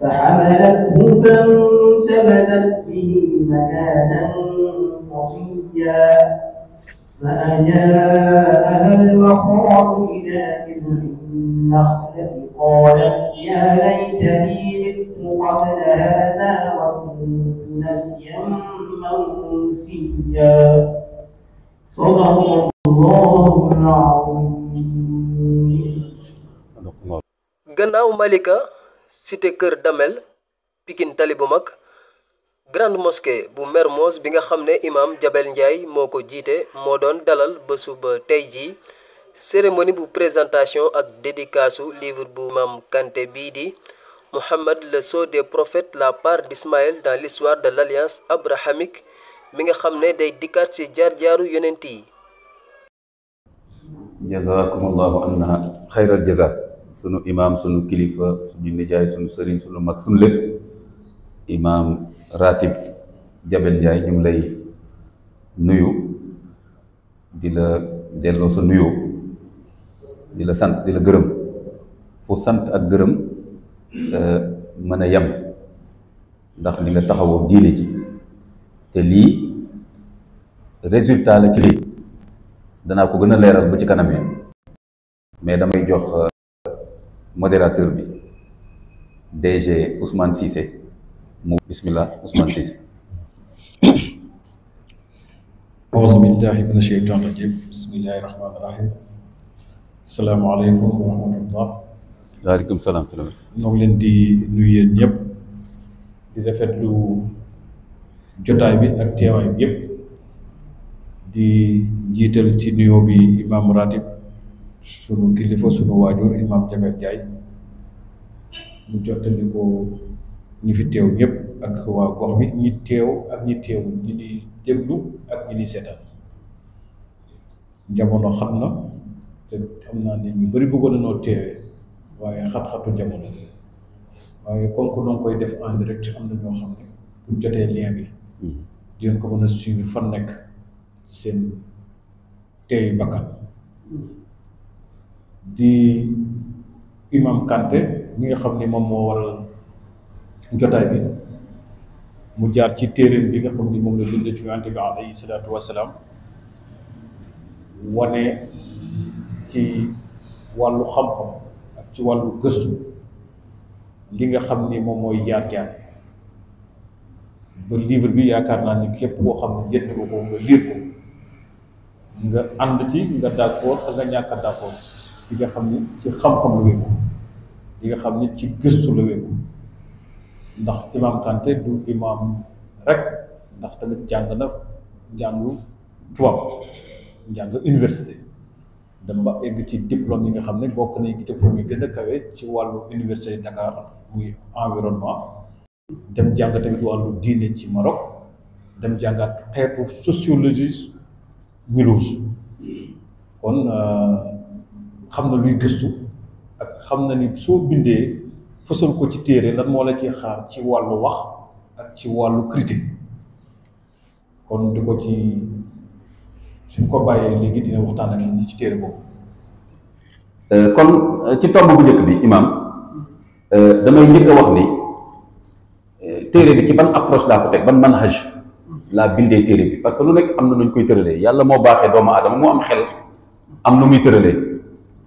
فحملته فانتبذت به مكانا قصيا فأجاءها المخاض إلى جذع النخلة قالت يا ليتني مت قبل هذا وكنت نسيا منسيا صدق الله العظيم. صدق الله. Gannaaw Malika cité Kër Damel Pikine Tali bu mag grande mosquée bu Mermoz bi nga xam ne imaam Jabel Ndiaye moo ko jiite moo doon dalal bésu ba tey jii cérémonie bu présentation ak dédicacu livre bu imam Kanté bii di Mohammed la sceau des profet la part d'Ismaël dans l'histoire de l'alliance abrahamique mi nga xam ne day dikkaat ci jaar-jaaru yonent yi sunu imaam sunu kilifa suñu nijaay sunu sëriñ sunu mag sunu lépp imaam ratib Jabel Njaay ñu ngi lay nuyu di la delloo sa nuyoo di la sant di la gërëm foo sant ak gërëm euh, mën a yem ndax li nga taxawoo diine ci te lii résultat la ci lii danaa ko gën a leeral ba ci kanamee mais damay jox euh, modérateur bi DG Ousmane Cissé mu bismillah Ousmane Cissé auzu billahi min asheytan rajim bismillahi rahmani rahim asalaamaaleykum wa rahmatullah waaleykum salaam noo ngi leen di nuyu yéen ñëpp di rafetlu jotaay bi ak bi yëpp di jiital ci nuyoo bi ratib sunu kilifa sunu waajur imam Jabel Njaay mu jottali ko ñi fi teew ñëpp ak waa gox bi ñi teew ak ñi teewul ñi di déglu ak ñi di seetaan jamono xam na te am naa ne ñu bari bëggoon nañoo teewee waaye xat-xatu jamono waaye comme que noo koy def en direct am na ñoo xam ne bu jotee lien bi hmm. di ko mën a suivre fan nekk seen teeyu bakkan hmm. di imam Kanté mi nga xam ni moom moo waral jotaay bi mu jaar ci téeréem bi nga xam ni moom la bind ci Yonent bi alayhi salaatu wasalaam wane ci wàllu xam-xam ak ci wàllu gëstu li nga xam ni moom mooy jaar-jaar ba livre bi yaakaar naa ni képp koo xam ne jënd nga ko nga lire ko nga ànd ci nga d'accord ak nga ñàkk d'accord yi nga xam ni ci xam-xam la wékku yi nga xam ni ci gistu la wékku ndax imaam Kanté du imaam rek ndax tamit jàng na njàngu tubaab njàngu université dem ba egg ci diplôme yi nga xam ne bokk nañ diplôme yi gën a kawe ci wàllu université Dakar muy environnement dem jàng tamit wàllu diine ci Maroc dem jàngaat xeetu sociologie Mulhouse kon euh, xam na luy gëstu ak xam na ni soo bindee fësal ko ci téere lan moo la ci xaar ci wàllu wax ak ci wàllu critique kon di ko ci suñ ko bàyyee léegi dina waxtaan ak ñi ci téere boobu. Euh, kon euh, ci tomb bu njëkk bi imaam euh, damay njëkk a wax ni téere bi ci ban approche laa ko teg ban manhaj laa bindee téere bi parce que lu nekk am na nu ñu koy tëralee yàlla moo baaxee doomu aadama mu am xel am nu muy tëralee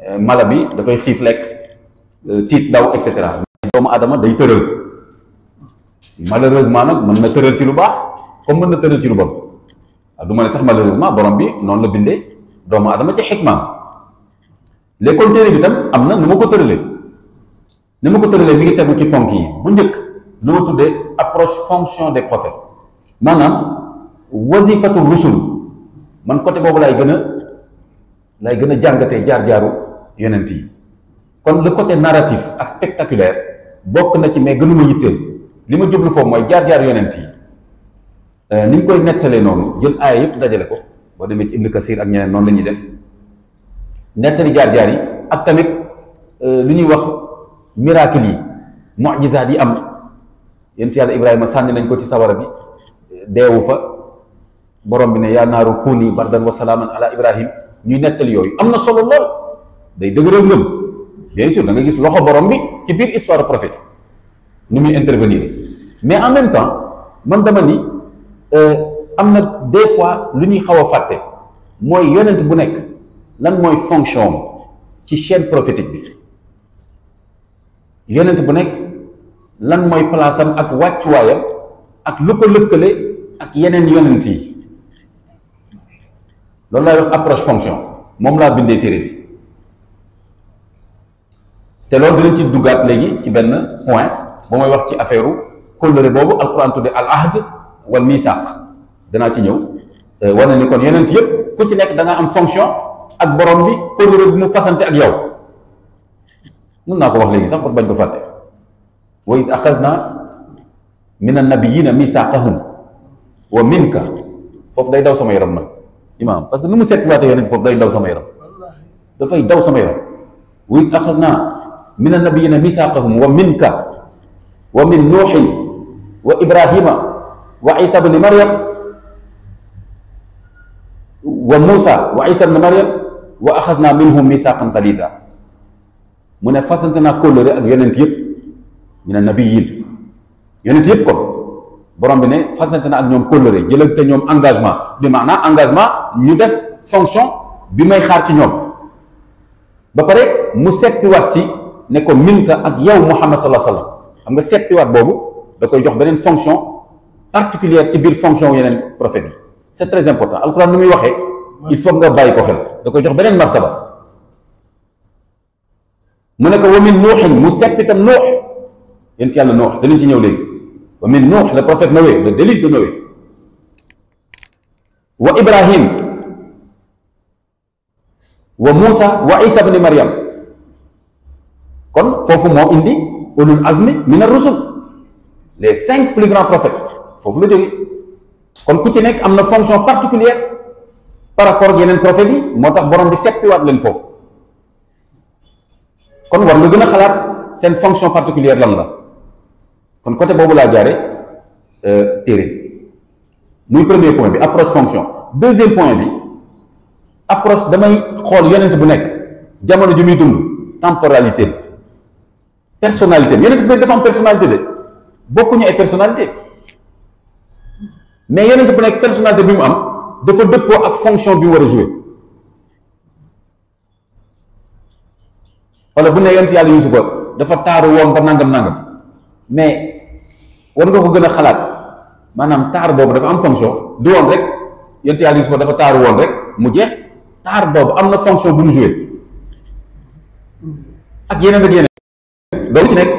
Euh, mala bi dafay xiif lekk euh, tiit daw et cetera doomu aadama day tëral malheureusement nag mën na tëral ci lu baax comme mën na tëral ci lu bon ah, du ma ne sax malheureusement borom bi noonu la bindee doomu aadama ci xikmaam léegi téere bi tam am na nu ma ko tëralee ni ma ko tëralee mi ngi tegu ci ponk yi bu njëkk lu ma tuddee approche fonction des prophètes maanaam wasifatu rusul man côté boobu laay gën a laay gën a jàngatee jaar-jaaru yonent yi kon le côté narratif ak spectaculaire bokk na ci mais gënuma yitteel li ma jublu foofu mooy jaar-jaar yonent yi euh, ni ñu koy nettalee noonu jël aaya yëpp dajale ko boo demee ci Ibn Kasir ak ñeneen noonu la ñuy def nettali jaar-jaar yi ak tamit euh, lu ñuy wax miracle yi mujizaat yi am yonent yàlla Ibrahima sànni nañ ko ci sawara bi deewu fa borom bi ne yaa naaru kuuni bardan wa ala Ibrahim ñuy nettali yooyu am na solo lool. day dëgëral ngëm bien sûr da nga gis loxo borom bi ci biir histoire prophète ni muy intervenir mais en même temps man dama ni euh, am na des fois lu ñuy xaw a fàtte mooy yonent bu nekk lan mooy fonction ci chaîne prophétique bi yonent bu nekk lan mooy place am ak wàccuwaayam ak lu ko lëkkale ak yeneen yonent yi loolu laay wax approche fonction moom laa bindee téere bi te lool dañ ci duggaat légui ci ben point bu may wax ci affaireu u kóllëre boobu alquran tudde al ahd wal misaq dana ci ñëw war na ni kon yonent yëpp ku ci nek da nga am fonction ak borom bi kóllëre bi mu fassanté ak yow mun na ko wax légui sax pour bañ ko faté wa id axasna min annabiyina misaqahum wa minka fof day daw sama yaram imam parce que nu mu waté yenen fof day daw sama yaram da fay daw sama yaram wa id axasna من النبيين ميثاقهم ومنك ومن نوح وابراهيم وعيسى بن مريم وموسى وعيسى بن مريم واخذنا منهم ميثاقا قليلا من فاسنتنا كل يونتيب من النبيين يونتيبكم بروم بني فاسنتنا اك نيوم كل ري جيلنت نيوم انغاجمان بمعنى انغاجمان ني ديف فونكسيون بيماي خار تي نيوم با بري مو ne ko minka ak yow Muhammad sallallahu alayhi wasallam xam nga seppiwaat boobu da koy jox beneen fonction particulière ci bir fonction yenen prophète bi c'est très important alcorane numuy waxe il faut nga bàyyi ko xel da koy jox benen martaba mu ne ko wa min nuuxin mu seppi tam nuh yent yàlla nuh danañ ci ñëw legi wa min nuux le prophète Noé le délice de Noé wa Ibrahim wa Moussa wa Isa bni Mariam kon fofu mo indi ulul azmi mina rusul les cinq plus grands prophètes fofu la jógee kon ku ci nek amna fonction particulière par rapport ak yeneen prophète, yi motax borom bi wat len fofu kon war nga gëna xalaat sen fonction particulière lan la kon côté la laa euh téré. muy premier point bi approche fonction deuxième point bi approche damay xool yonent bu nek jamono ju muy dund temporalité personnalité yonent bu ne dafa am personnalité de bokkuñu ay personnalité mais yonent bu nekk personnalité bi mu am dafa dëppoo ak fonction bi mu war a jouer wala bu ne yonent yàlla Yuusufa dafa taaru woon ba nangam nangam mais war nga ko gën a xalaat maanaam taar boobu dafa am fonction du woon rek yonent yàlla Yuusufa dafa taaru woon rek mu jeex taar boobu am na fonction bu mu jouer ak yeneen ak yeneen dong ci nekk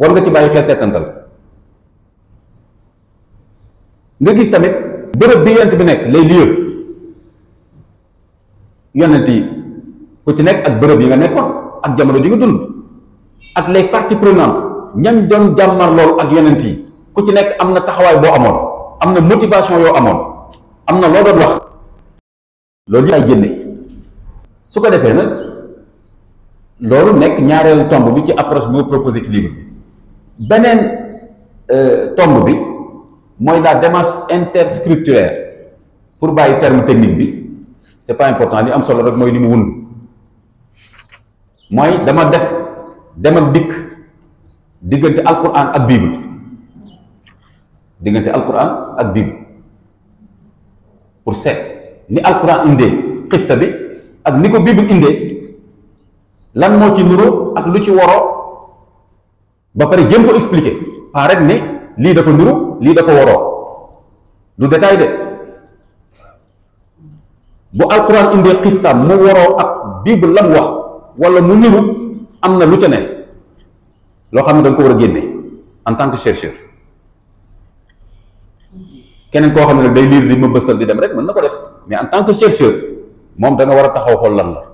war nga ci bàyyi xel seetantal nga gis tamit bërëb bi yonent bi nekk les lieux yonent yi ku ci nekk ak bërëb yi nga nekkoon ak jamono ji nga dund ak les parties prenantes ñan doon jàmmar lool ak yonent yi ku ci nekk am na taxawaay boo amoon am na motivation yoo amoon am na loo doon wax loolu ay génne su ko defee na loolu nekk ñaareelu tomb bi ci approche moo proposé ci livre bi beneen euh, tomb bi mooy la démarche interscripturaire pour bàyyi terme technique bi c'est pas important li am solo rek mooy li mu wund mooy dama def dem ak dikk diggante alquran ak bible diggante alquran ak bible pour set ni alquran indee xissa bi ak ni ko bible indee lan mo ci nuru ak lu ci woro ba pare jëm ko expliquer leader rek ne li dafa nuru li dafa woro du detail de bu alquran indee qissa mu woro ak bible lam wax wala mu nuru amna lu ci ne lo xamne dang ko wara genné en tant que chercheur kenen ko xamne day lire li ma bësal di dem rek man nako def mais en tant que chercheur mom da nga wara taxaw xol lan la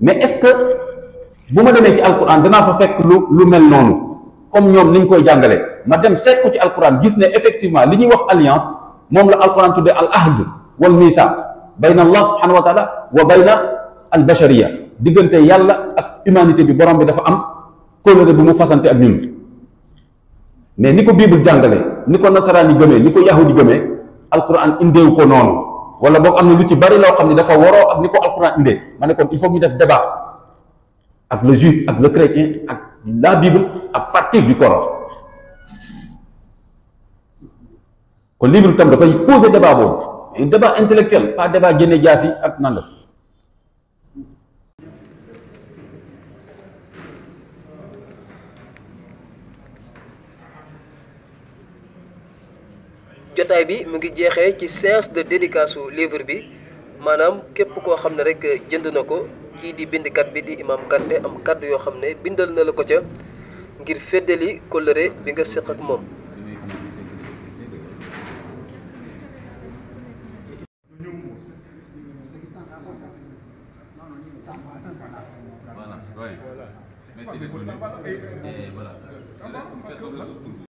mais est-ce que bu ma demee ci alquran danaa fa fekk lu lu mel noonu comme ñoom ni ñu koy jàngale ma dem set ko ci alquran gis ne effectivement li ñuy wax alliance moom la alquran tuddee al ahd wal misaq bayna allah subhanahu wa taala wa bayna al diggante yàlla ak humanité bi borom bi dafa am kóllëre bu mu fasante ak ñun mais ni ko bible jàngale ni ko nasaraan yi gëmee ni ko yahudi gëmee alquran indeewu ko noonu wala bok amna lu ci bari lo xamni dafa woro ak ni ko alquran indee kon il faut ñu def débat ak le juif ak le chrétien ak la bible à partir du coran ko livre tam fay poser débat bon, un débat intellectuel pas débat génne jaasi ak nangam. jotaay bi mu ngi jeexee ci séance de dédicace su livre bi maanaam képp koo xam ne rek jënd na ko kii di bindkat bi di Imam Kanté am kàddu yoo xam ne bindal na la ko ca ngir feddali kóllëre bi nga séq ak moom.